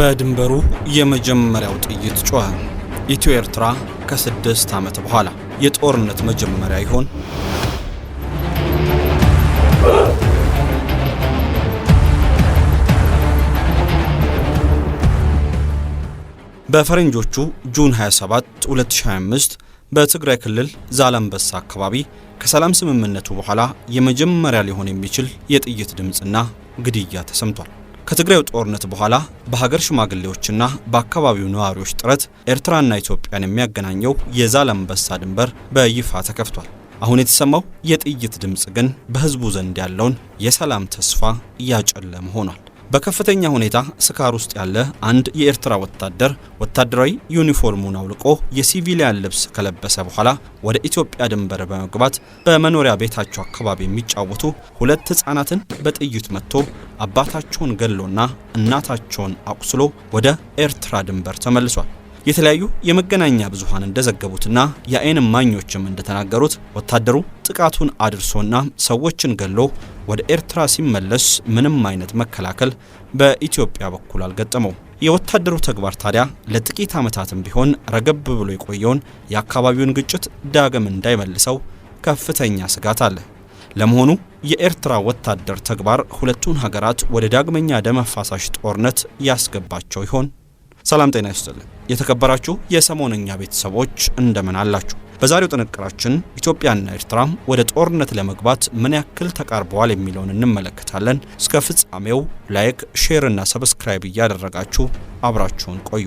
በድንበሩ የመጀመሪያው ጥይት ጮኸ። ኢትዮ ኤርትራ ከስድስት ዓመት በኋላ የጦርነት መጀመሪያ ይሆን? በፈረንጆቹ ጁን 27 2025 በትግራይ ክልል ዛላምበሳ አካባቢ ከሰላም ስምምነቱ በኋላ የመጀመሪያ ሊሆን የሚችል የጥይት ድምፅና ግድያ ተሰምቷል። ከትግራዩ ጦርነት በኋላ በሀገር ሽማግሌዎችና በአካባቢው ነዋሪዎች ጥረት ኤርትራና ኢትዮጵያን የሚያገናኘው የዛላምበሳ ድንበር በይፋ ተከፍቷል። አሁን የተሰማው የጥይት ድምፅ ግን በሕዝቡ ዘንድ ያለውን የሰላም ተስፋ እያጨለመ ሆኗል። በከፍተኛ ሁኔታ ስካር ውስጥ ያለ አንድ የኤርትራ ወታደር ወታደራዊ ዩኒፎርሙን አውልቆ የሲቪሊያን ልብስ ከለበሰ በኋላ ወደ ኢትዮጵያ ድንበር በመግባት በመኖሪያ ቤታቸው አካባቢ የሚጫወቱ ሁለት ሕፃናትን በጥይት መጥቶ አባታቸውን ገሎና እናታቸውን አቁስሎ ወደ ኤርትራ ድንበር ተመልሷል። የተለያዩ የመገናኛ ብዙሃን እንደዘገቡትና የአይን እማኞችም እንደተናገሩት ወታደሩ ጥቃቱን አድርሶና ሰዎችን ገሎ ወደ ኤርትራ ሲመለስ ምንም አይነት መከላከል በኢትዮጵያ በኩል አልገጠመው። የወታደሩ ተግባር ታዲያ ለጥቂት ዓመታትም ቢሆን ረገብ ብሎ የቆየውን የአካባቢውን ግጭት ዳግም እንዳይመልሰው ከፍተኛ ስጋት አለ። ለመሆኑ የኤርትራ ወታደር ተግባር ሁለቱን ሀገራት ወደ ዳግመኛ ደም አፋሳሽ ጦርነት ያስገባቸው ይሆን? ሰላም ጤና ይስጥልን። የተከበራችሁ የሰሞነኛ ቤተሰቦች እንደምን አላችሁ? በዛሬው ጥንቅራችን ኢትዮጵያና ኤርትራ ወደ ጦርነት ለመግባት ምን ያክል ተቃርበዋል የሚለውን እንመለከታለን። እስከ ፍጻሜው ላይክ፣ ሼር እና ሰብስክራይብ እያደረጋችሁ አብራችሁን ቆዩ።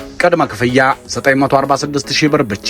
ቅድመ ክፍያ 946000 ብር ብቻ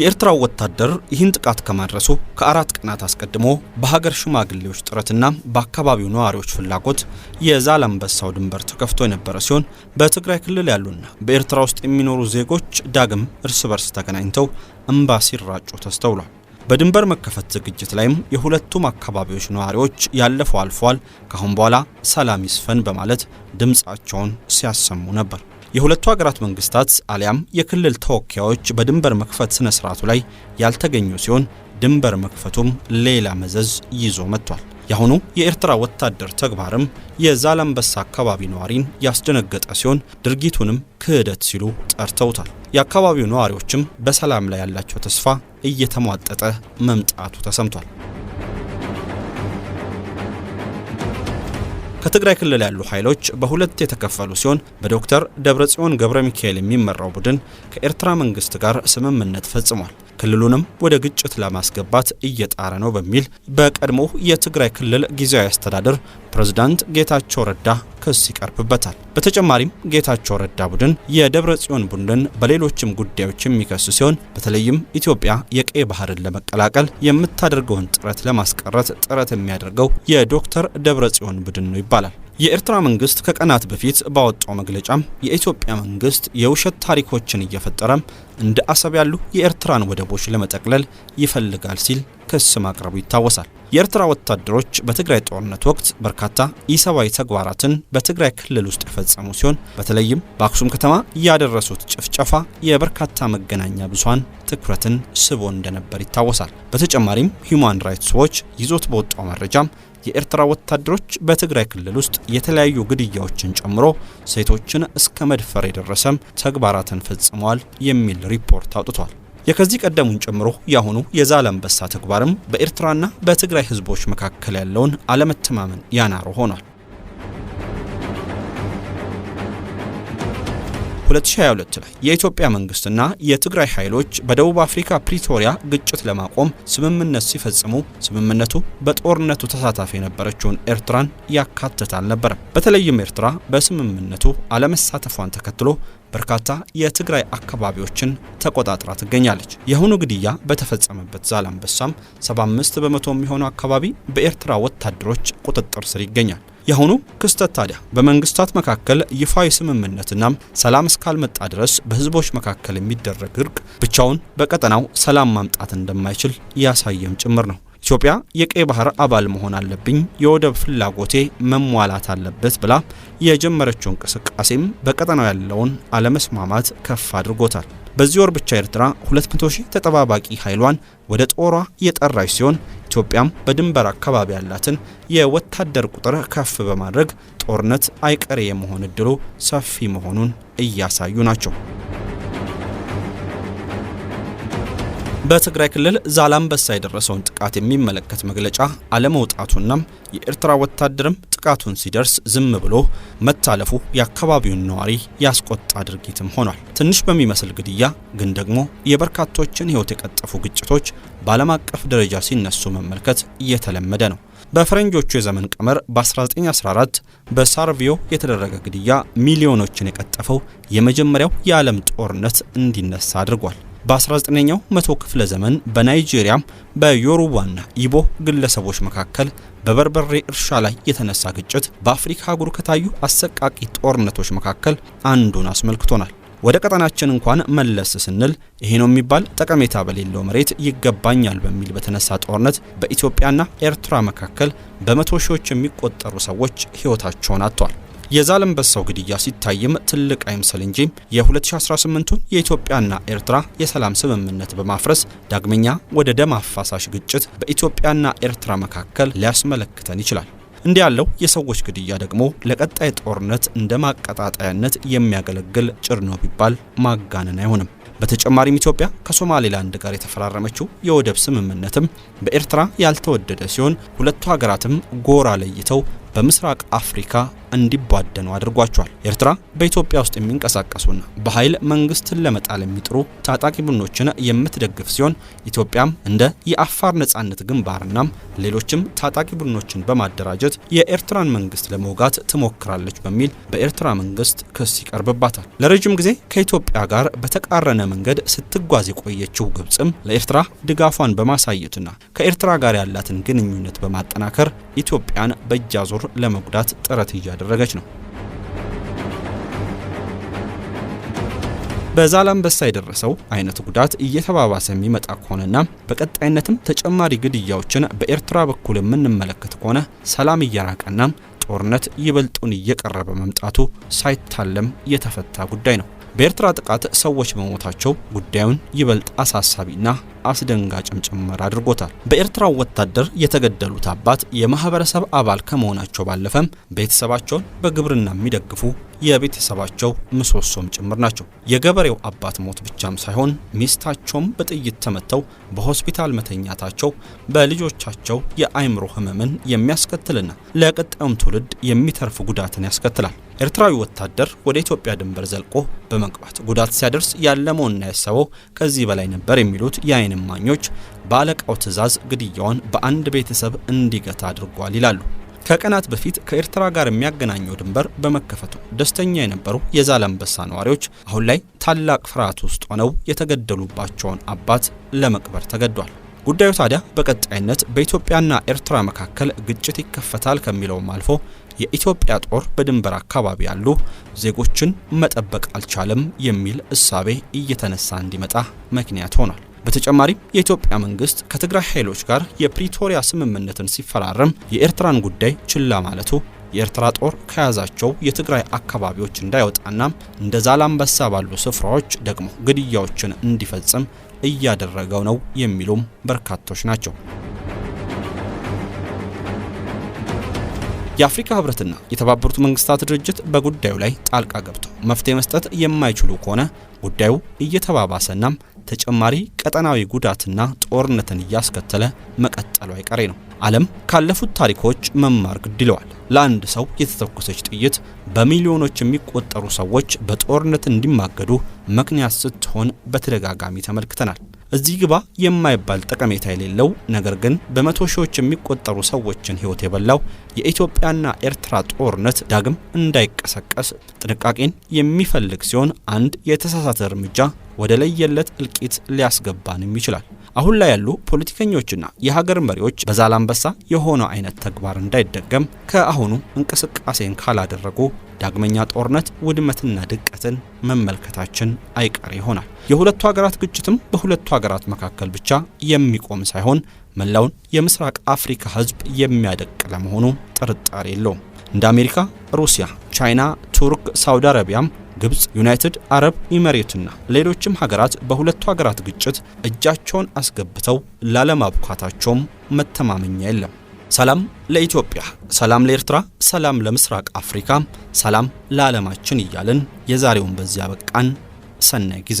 የኤርትራው ወታደር ይህን ጥቃት ከማድረሱ ከአራት ቀናት አስቀድሞ በሀገር ሽማግሌዎች ጥረትና በአካባቢው ነዋሪዎች ፍላጎት የዛላምበሳው ድንበር ተከፍቶ የነበረ ሲሆን በትግራይ ክልል ያሉና በኤርትራ ውስጥ የሚኖሩ ዜጎች ዳግም እርስ በርስ ተገናኝተው እምባ ሲራጩ ተስተውሏል። በድንበር መከፈት ዝግጅት ላይም የሁለቱም አካባቢዎች ነዋሪዎች ያለፈው አልፏል፣ ከአሁን በኋላ ሰላም ይስፈን በማለት ድምፃቸውን ሲያሰሙ ነበር። የሁለቱ ሀገራት መንግስታት አሊያም የክልል ተወካዮች በድንበር መክፈት ስነ ስርዓቱ ላይ ያልተገኙ ሲሆን ድንበር መክፈቱም ሌላ መዘዝ ይዞ መጥቷል። የአሁኑ የኤርትራ ወታደር ተግባርም የዛላምበሳ አካባቢ ነዋሪን ያስደነገጠ ሲሆን ድርጊቱንም ክህደት ሲሉ ጠርተውታል። የአካባቢው ነዋሪዎችም በሰላም ላይ ያላቸው ተስፋ እየተሟጠጠ መምጣቱ ተሰምቷል። ከትግራይ ክልል ያሉ ኃይሎች በሁለት የተከፈሉ ሲሆን በዶክተር ደብረጽዮን ገብረ ሚካኤል የሚመራው ቡድን ከኤርትራ መንግስት ጋር ስምምነት ፈጽሟል። ክልሉንም ወደ ግጭት ለማስገባት እየጣረ ነው በሚል በቀድሞው የትግራይ ክልል ጊዜያዊ አስተዳደር ፕሬዝዳንት ጌታቸው ረዳ ክስ ይቀርብበታል። በተጨማሪም ጌታቸው ረዳ ቡድን የደብረ ጽዮን ቡድን በሌሎችም ጉዳዮች የሚከሱ ሲሆን በተለይም ኢትዮጵያ የቀይ ባህርን ለመቀላቀል የምታደርገውን ጥረት ለማስቀረት ጥረት የሚያደርገው የዶክተር ደብረ ጽዮን ቡድን ነው ይባላል። የኤርትራ መንግስት ከቀናት በፊት ባወጣው መግለጫም የኢትዮጵያ መንግስት የውሸት ታሪኮችን እየፈጠረም እንደ አሰብ ያሉ የኤርትራን ወደቦች ለመጠቅለል ይፈልጋል ሲል ክስ ማቅረቡ ይታወሳል። የኤርትራ ወታደሮች በትግራይ ጦርነት ወቅት በርካታ ኢሰብአዊ ተግባራትን በትግራይ ክልል ውስጥ የፈጸሙ ሲሆን በተለይም በአክሱም ከተማ ያደረሱት ጭፍጨፋ የበርካታ መገናኛ ብዙሃን ትኩረትን ስቦ እንደነበር ይታወሳል። በተጨማሪም ሂዩማን ራይትስ ዎች ይዞት በወጣው መረጃም የኤርትራ ወታደሮች በትግራይ ክልል ውስጥ የተለያዩ ግድያዎችን ጨምሮ ሴቶችን እስከ መድፈር የደረሰም ተግባራትን ፈጽመዋል የሚል ሪፖርት አውጥቷል። የከዚህ ቀደሙን ጨምሮ የአሁኑ የዛላ አንበሳ ተግባርም በኤርትራና በትግራይ ህዝቦች መካከል ያለውን አለመተማመን ያናሩ ሆኗል። 2022 ላይ የኢትዮጵያ መንግስትና የትግራይ ኃይሎች በደቡብ አፍሪካ ፕሪቶሪያ ግጭት ለማቆም ስምምነት ሲፈጽሙ ስምምነቱ በጦርነቱ ተሳታፊ የነበረችውን ኤርትራን ያካተተ አልነበረም። በተለይም ኤርትራ በስምምነቱ አለመሳተፏን ተከትሎ በርካታ የትግራይ አካባቢዎችን ተቆጣጥራ ትገኛለች። የአሁኑ ግድያ በተፈጸመበት ዛላንበሳም 75 በመቶ የሚሆኑ አካባቢ በኤርትራ ወታደሮች ቁጥጥር ስር ይገኛል። የአሁኑ ክስተት ታዲያ በመንግስታት መካከል ይፋዊ ስምምነትና ሰላም እስካልመጣ ድረስ በህዝቦች መካከል የሚደረግ እርቅ ብቻውን በቀጠናው ሰላም ማምጣት እንደማይችል ያሳየም ጭምር ነው። ኢትዮጵያ የቀይ ባህር አባል መሆን አለብኝ፣ የወደብ ፍላጎቴ መሟላት አለበት ብላ የጀመረችው እንቅስቃሴም በቀጠናው ያለውን አለመስማማት ከፍ አድርጎታል። በዚህ ወር ብቻ ኤርትራ 200 ሺህ ተጠባባቂ ኃይሏን ወደ ጦሯ የጠራች ሲሆን ኢትዮጵያም በድንበር አካባቢ ያላትን የወታደር ቁጥር ከፍ በማድረግ ጦርነት አይቀሬ የመሆን እድሉ ሰፊ መሆኑን እያሳዩ ናቸው። በትግራይ ክልል ዛላምበሳ የደረሰውን ጥቃት የሚመለከት መግለጫ አለመውጣቱና የኤርትራ ወታደርም ጥቃቱን ሲደርስ ዝም ብሎ መታለፉ የአካባቢውን ነዋሪ ያስቆጣ ድርጊትም ሆኗል። ትንሽ በሚመስል ግድያ ግን ደግሞ የበርካቶችን ሕይወት የቀጠፉ ግጭቶች በዓለም አቀፍ ደረጃ ሲነሱ መመልከት እየተለመደ ነው። በፈረንጆቹ የዘመን ቀመር በ1914 በሳርቪዮ የተደረገ ግድያ ሚሊዮኖችን የቀጠፈው የመጀመሪያው የዓለም ጦርነት እንዲነሳ አድርጓል። በ19ኛው መቶ ክፍለ ዘመን በናይጄሪያ በዮሩባና ኢቦ ግለሰቦች መካከል በበርበሬ እርሻ ላይ የተነሳ ግጭት በአፍሪካ አህጉር ከታዩ አሰቃቂ ጦርነቶች መካከል አንዱን አስመልክቶናል። ወደ ቀጠናችን እንኳን መለስ ስንል ይሄ ነው የሚባል ጠቀሜታ በሌለው መሬት ይገባኛል በሚል በተነሳ ጦርነት በኢትዮጵያና ኤርትራ መካከል በመቶ ሺዎች የሚቆጠሩ ሰዎች ሕይወታቸውን አጥቷል። የዛላንበሳው ግድያ ሲታይም ትልቅ አይምሰል እንጂ የ2018ቱን የኢትዮጵያና ኤርትራ የሰላም ስምምነት በማፍረስ ዳግመኛ ወደ ደም አፋሳሽ ግጭት በኢትዮጵያና ኤርትራ መካከል ሊያስመለክተን ይችላል። እንዲህ ያለው የሰዎች ግድያ ደግሞ ለቀጣይ ጦርነት እንደ ማቀጣጠያነት የሚያገለግል ጭር ነው ቢባል ማጋነን አይሆንም። በተጨማሪም ኢትዮጵያ ከሶማሌላንድ ጋር የተፈራረመችው የወደብ ስምምነትም በኤርትራ ያልተወደደ ሲሆን ሁለቱ ሀገራትም ጎራ ለይተው በምስራቅ አፍሪካ እንዲቧደኑ አድርጓቸዋል። ኤርትራ በኢትዮጵያ ውስጥ የሚንቀሳቀሱና በኃይል መንግስትን ለመጣል የሚጥሩ ታጣቂ ቡድኖችን የምትደግፍ ሲሆን ኢትዮጵያም እንደ የአፋር ነጻነት ግንባርናም ሌሎችም ታጣቂ ቡድኖችን በማደራጀት የኤርትራን መንግስት ለመውጋት ትሞክራለች በሚል በኤርትራ መንግስት ክስ ይቀርብባታል። ለረጅም ጊዜ ከኢትዮጵያ ጋር በተቃረነ መንገድ ስትጓዝ የቆየችው ግብጽም ለኤርትራ ድጋፏን በማሳየትና ከኤርትራ ጋር ያላትን ግንኙነት በማጠናከር ኢትዮጵያን በእጃ ዞር ለመጉዳት ጥረት እያለ እያደረገች ነው። በዛላምበሳ የደረሰው አይነት ጉዳት እየተባባሰ የሚመጣ ከሆነና በቀጣይነትም ተጨማሪ ግድያዎችን በኤርትራ በኩል የምንመለከት ከሆነ ሰላም እየራቀና ጦርነት ይበልጡን እየቀረበ መምጣቱ ሳይታለም የተፈታ ጉዳይ ነው። በኤርትራ ጥቃት ሰዎች መሞታቸው ጉዳዩን ይበልጥ አሳሳቢና አስደንጋጭም ጭምር አድርጎታል። በኤርትራው ወታደር የተገደሉት አባት የማህበረሰብ አባል ከመሆናቸው ባለፈም ቤተሰባቸውን በግብርና የሚደግፉ የቤተሰባቸው ምሰሶም ጭምር ናቸው። የገበሬው አባት ሞት ብቻም ሳይሆን ሚስታቸውም በጥይት ተመተው በሆስፒታል መተኛታቸው በልጆቻቸው የአእምሮ ህመምን የሚያስከትልና ለቀጣዩም ትውልድ የሚተርፍ ጉዳትን ያስከትላል። ኤርትራዊ ወታደር ወደ ኢትዮጵያ ድንበር ዘልቆ በመግባት ጉዳት ሲያደርስ ያለመውና ያሰበው ከዚህ በላይ ነበር የሚሉት የአይን እማኞች በአለቃው ትዕዛዝ ግድያውን በአንድ ቤተሰብ እንዲገታ አድርጓል ይላሉ። ከቀናት በፊት ከኤርትራ ጋር የሚያገናኘው ድንበር በመከፈቱ ደስተኛ የነበሩ የዛላምበሳ ነዋሪዎች አሁን ላይ ታላቅ ፍርሃት ውስጥ ሆነው የተገደሉባቸውን አባት ለመቅበር ተገዷል። ጉዳዩ ታዲያ በቀጣይነት በኢትዮጵያና ኤርትራ መካከል ግጭት ይከፈታል ከሚለውም አልፎ የኢትዮጵያ ጦር በድንበር አካባቢ ያሉ ዜጎችን መጠበቅ አልቻለም የሚል እሳቤ እየተነሳ እንዲመጣ ምክንያት ሆኗል። በተጨማሪም የኢትዮጵያ መንግስት ከትግራይ ኃይሎች ጋር የፕሪቶሪያ ስምምነትን ሲፈራረም የኤርትራን ጉዳይ ችላ ማለቱ የኤርትራ ጦር ከያዛቸው የትግራይ አካባቢዎች እንዳይወጣና እንደ ዛላምበሳ ባሉ ስፍራዎች ደግሞ ግድያዎችን እንዲፈጽም እያደረገው ነው የሚሉም በርካቶች ናቸው። የአፍሪካ ህብረትና የተባበሩት መንግስታት ድርጅት በጉዳዩ ላይ ጣልቃ ገብቶ መፍትሄ መስጠት የማይችሉ ከሆነ ጉዳዩ እየተባባሰናም ተጨማሪ ቀጠናዊ ጉዳትና ጦርነትን እያስከተለ መቀጠሉ አይቀሬ ነው። ዓለም ካለፉት ታሪኮች መማር ግድ ይለዋል። ለአንድ ሰው የተተኮሰች ጥይት በሚሊዮኖች የሚቆጠሩ ሰዎች በጦርነት እንዲማገዱ ምክንያት ስትሆን በተደጋጋሚ ተመልክተናል። እዚህ ግባ የማይባል ጠቀሜታ የሌለው ነገር ግን በመቶ ሺዎች የሚቆጠሩ ሰዎችን ሕይወት የበላው የኢትዮጵያና ኤርትራ ጦርነት ዳግም እንዳይቀሰቀስ ጥንቃቄን የሚፈልግ ሲሆን አንድ የተሳሳተ እርምጃ ወደ ለየለት እልቂት ሊያስገባንም ይችላል። አሁን ላይ ያሉ ፖለቲከኞችና የሀገር መሪዎች በዛላንበሳ የሆነ አይነት ተግባር እንዳይደገም ከአሁኑ እንቅስቃሴን ካላደረጉ ዳግመኛ ጦርነት ውድመትና ድቀትን መመልከታችን አይቀር ይሆናል። የሁለቱ ሀገራት ግጭትም በሁለቱ ሀገራት መካከል ብቻ የሚቆም ሳይሆን መላውን የምስራቅ አፍሪካ ሕዝብ የሚያደቅ ለመሆኑ ጥርጣሬ የለውም። እንደ አሜሪካ፣ ሩሲያ፣ ቻይና፣ ቱርክ፣ ሳውዲ አረቢያም ግብጽ፣ ዩናይትድ አረብ ኢሚሬትና ሌሎችም ሀገራት በሁለቱ ሀገራት ግጭት እጃቸውን አስገብተው ላለማብኳታቸውም መተማመኛ የለም። ሰላም ለኢትዮጵያ፣ ሰላም ለኤርትራ፣ ሰላም ለምስራቅ አፍሪካ፣ ሰላም ለዓለማችን እያልን የዛሬውን በዚያ በቃን። ሰናይ ጊዜ